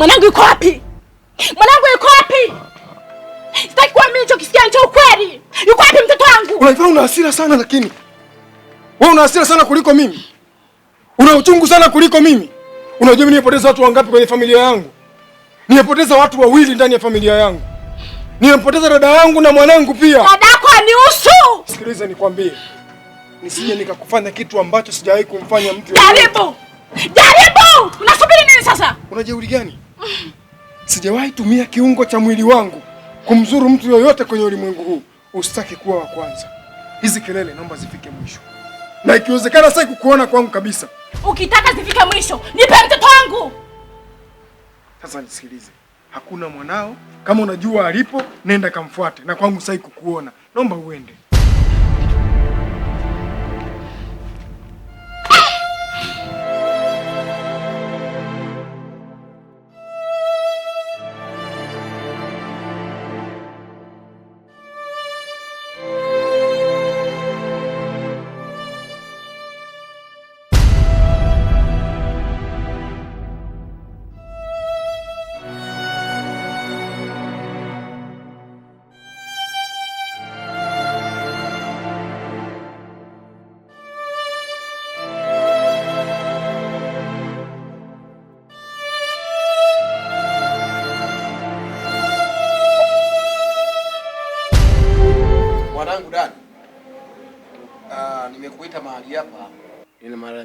Mwanangu yuko wapi? Mwanangu yuko wapi? Sitaki mimi chokisikia ncho ukweli. Yuko wapi mtoto wangu? Unajua una hasira sana lakini. Wewe una hasira sana kuliko mimi. Una uchungu sana kuliko mimi. Unajua mimi nimepoteza watu wangapi kwenye familia yangu? Nimepoteza watu wawili ndani ya familia yangu. Nimepoteza dada yangu na mwanangu pia. Dadako anihusu. Sikiliza nikwambie. Nisije nikakufanya kitu ambacho sijawahi kumfanya mtu. Jaribu. Jaribu. Unasubiri nini sasa? Unajeuri gani? Sijawahi tumia kiungo cha mwili wangu kumzuru mtu yoyote kwenye ulimwengu huu. Usitaki kuwa wa kwanza. Hizi kelele naomba zifike mwisho, na ikiwezekana sasa kukuona kwangu kabisa. Ukitaka zifike mwisho, nipe mtoto wangu. Sasa nisikilize, hakuna mwanao. Kama unajua alipo, nenda kamfuate, na kwangu sasa kukuona, naomba uende.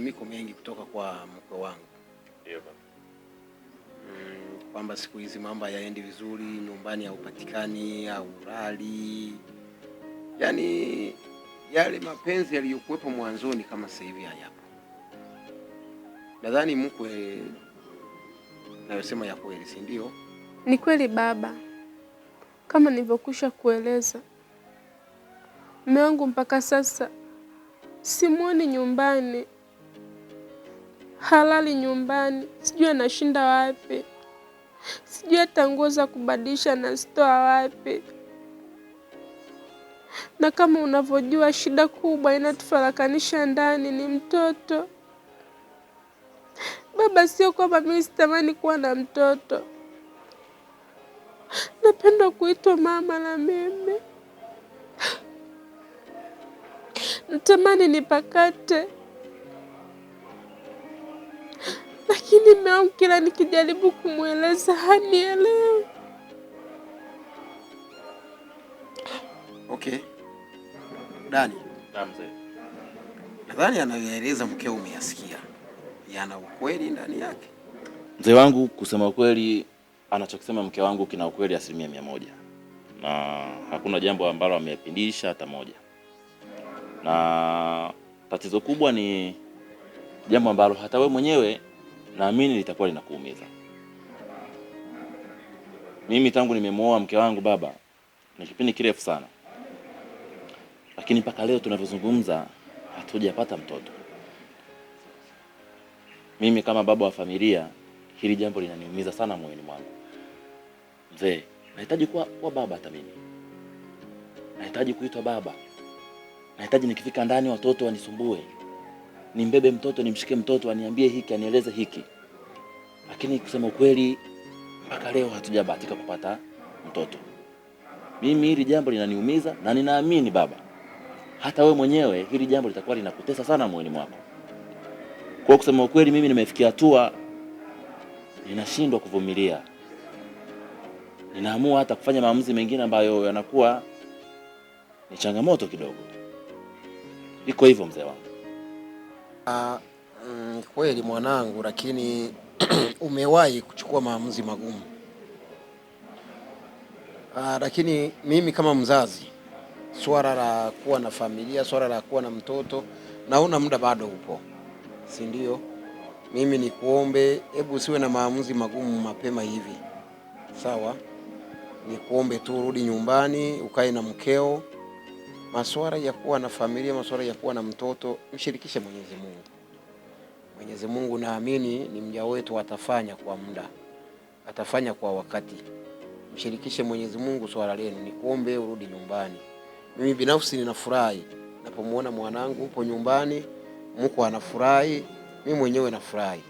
malalamiko mengi kutoka kwa mkwe wangu ndio baba. Mm, kwamba siku hizi mambo hayaendi vizuri nyumbani, haupatikani au ulali, yaani yale mapenzi yaliyokuwepo mwanzoni kama sasa hivi hayapo. Nadhani mkwe nayosema ya kweli, si ndio? Ni kweli baba, kama nilivyokwisha kueleza, mume wangu mpaka sasa simwoni nyumbani halali nyumbani, sijui anashinda wapi, sijui hata nguo za kubadilisha nazitoa wapi. Na kama unavyojua, shida kubwa inatufarakanisha ndani ni mtoto. Baba, sio kwamba mimi sitamani kuwa na mtoto, napenda kuitwa mama na mimi natamani nipakate lakini kila nikijaribu kumweleza hanielewi. Okay. Dani, nadhani anayoeleza mkeo umeyasikia, yana ukweli ndani yake. Mzee wangu, kusema ukweli, anachokisema mke wangu kina ukweli asilimia mia moja, na hakuna jambo ambalo amepindisha hata moja, na tatizo kubwa ni jambo ambalo hata wewe mwenyewe naamini litakuwa linakuumiza. Mimi tangu nimemwoa mke wangu baba, ni kipindi kirefu sana, lakini mpaka leo tunavyozungumza hatujapata mtoto. Mimi kama baba wa familia, hili jambo linaniumiza sana moyoni mwangu. Mzee, nahitaji kuwa, kuwa baba. Hata mimi nahitaji kuitwa baba, nahitaji nikifika ndani watoto wanisumbue nimbebe mtoto nimshike mtoto aniambie hiki anieleze hiki, lakini kusema ukweli, mpaka leo hatujabahatika kupata mtoto. Mimi hili jambo linaniumiza na ninaamini baba, hata wewe mwenyewe hili jambo litakuwa linakutesa sana moyoni mwako. Kwa kusema ukweli, mimi nimefikia hatua ninashindwa kuvumilia, ninaamua hata kufanya maamuzi mengine ambayo yanakuwa ni changamoto kidogo. Iko hivyo mzee wangu. Ah, mm, kweli mwanangu, lakini umewahi kuchukua maamuzi magumu. Uh, lakini mimi kama mzazi, swala la kuwa na familia, swala la kuwa na mtoto, naona muda bado upo, si ndio? Mimi nikuombe, hebu usiwe na maamuzi magumu mapema hivi, sawa? Nikuombe tu urudi nyumbani ukae na mkeo Masuala ya kuwa na familia, masuala ya kuwa na mtoto, mshirikishe Mwenyezi Mungu. Mwenyezi Mungu naamini ni mja wetu, atafanya kwa muda, atafanya kwa wakati. Mshirikishe Mwenyezi Mungu swala lenu, nikuombe urudi nyumbani. Mimi binafsi ninafurahi napomwona mwanangu upo nyumbani, mko anafurahi, mimi mwenyewe nafurahi.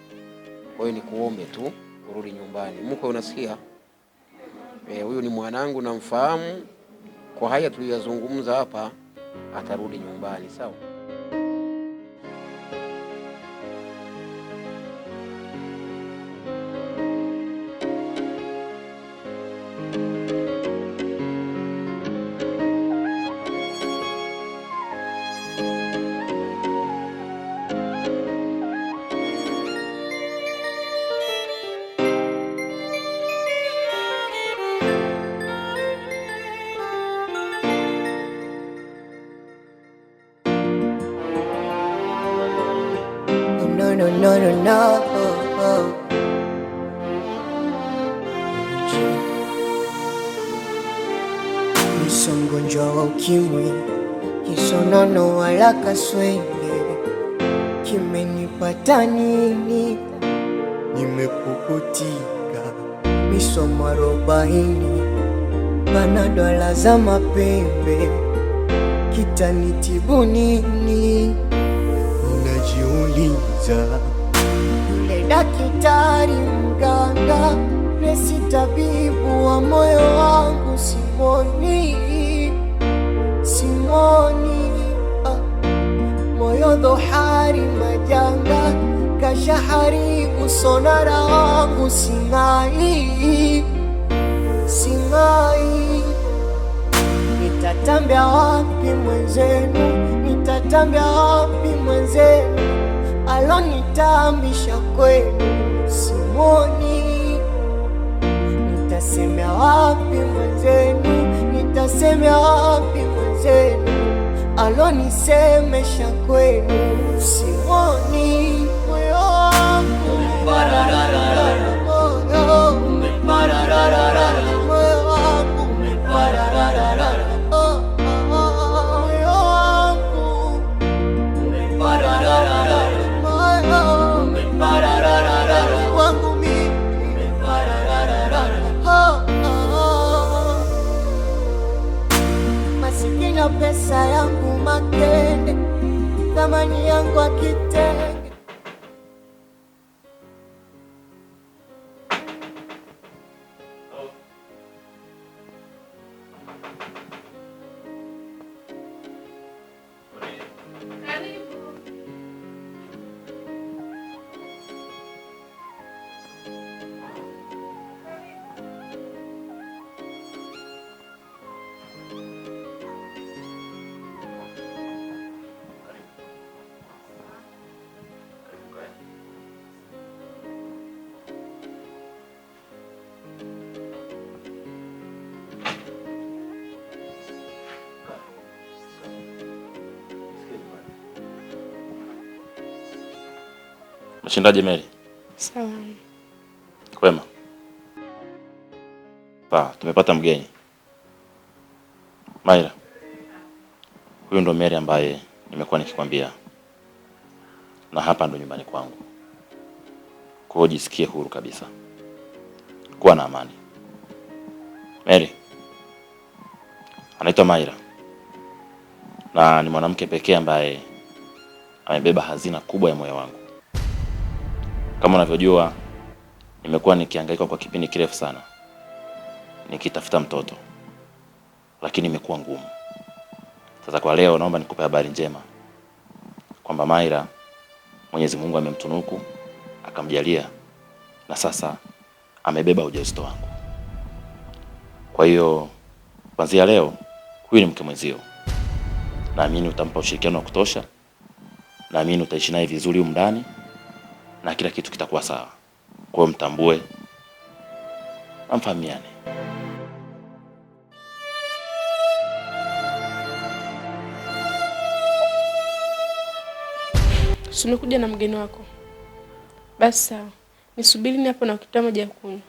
Kwa hiyo nikuombe tu urudi nyumbani, mko unasikia? Eh, huyu ni mwanangu, namfahamu kwa haya tuliyozungumza hapa atarudi nyumbani, sawa. no, no, no, no, no. Niso mgonjwa wa ukimwi, kisonono wala kaswende, kimenipata nini? Nimepukutika misomo arobaini, panadala za mapembe, kitanitibu nini? najiuliza, yule daktari mganga, nesi, tabibu wa moyo wangu, simoni, simoni, ah. moyo dhohari majanga, kashahari usonara wangu, sing'ai, sing'ai, nitatambia wapi mwenzenu nitatambia wapi mwenzenu alonitambisha kwenu simoni? Nitasemea wapi mwenzenu, nitasemea wapi mwenzenu alonisemesha kwenu simoni? amani yangu akite Ushindaje Mary? Salamu. Kwema. Sawa, tumepata mgeni. Maira, huyu ndo Mary ambaye nimekuwa nikikwambia, na hapa ndo nyumbani kwangu. Kwa hiyo jisikie huru kabisa, kuwa na amani. Mary anaitwa Maira na ni mwanamke pekee ambaye amebeba hazina kubwa ya moyo wangu. Kama unavyojua, nimekuwa nikihangaika kwa kipindi kirefu sana nikitafuta mtoto, lakini imekuwa ngumu. Sasa kwa leo, naomba nikupe habari njema kwamba Maira, Mwenyezi Mungu amemtunuku akamjalia, na sasa amebeba ujauzito wangu. Kwa hiyo kuanzia leo, huyu ni mke mwenzio. Naamini utampa ushirikiano wa kutosha, naamini utaishi naye vizuri humu ndani na kila kitu kitakuwa sawa. Kwa hiyo mtambue, amfahamiane. Sumekuja na mgeni wako? Basi sawa, nisubiri ni hapo na kutoa maji ya kunywa.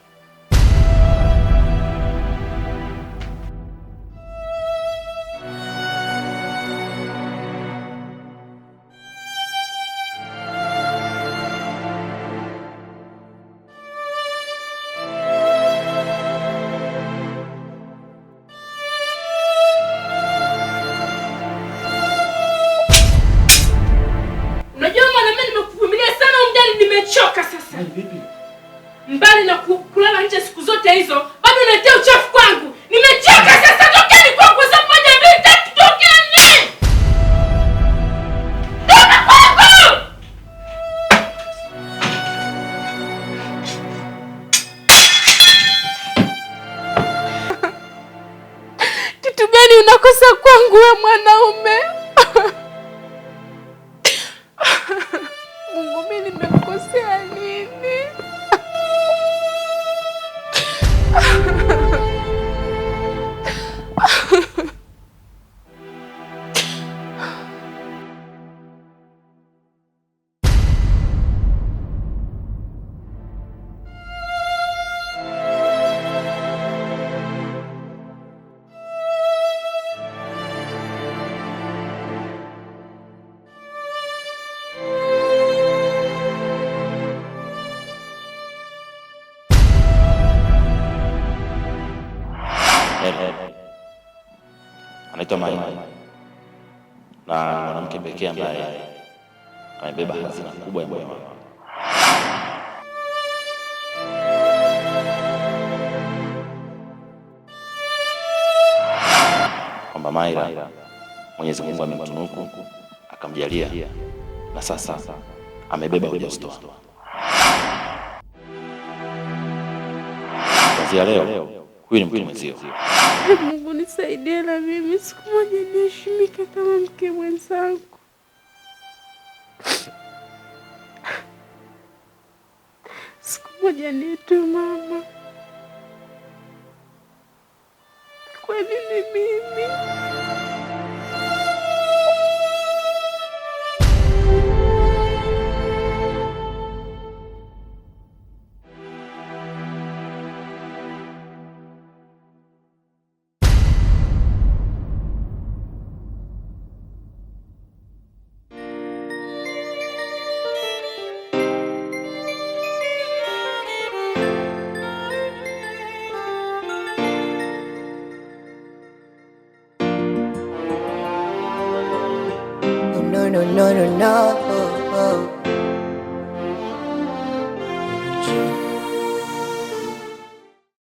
Mbali na kulala nje siku zote hizo, bado unaletea uchafu kwangu. Nimechoka sasa, tokeni kwangu za moja mbili tatu, tokeni. Toka kwangu. Kitu gani unakosa kwangu wewe mwanaume? anaitwa Mai na ni mwanamke pekee ambaye amebeba hazina kubwa ya moyo wangu. Kwamba Maira Mwenyezi Mungu amemtunuku akamjalia, na sasa amebeba ujauzito kuanzia leo huyu ni mtu mwenzio. Mungu nisaidie na mimi siku moja niheshimike kama mke mwenzangu. Siku moja nitu mama or not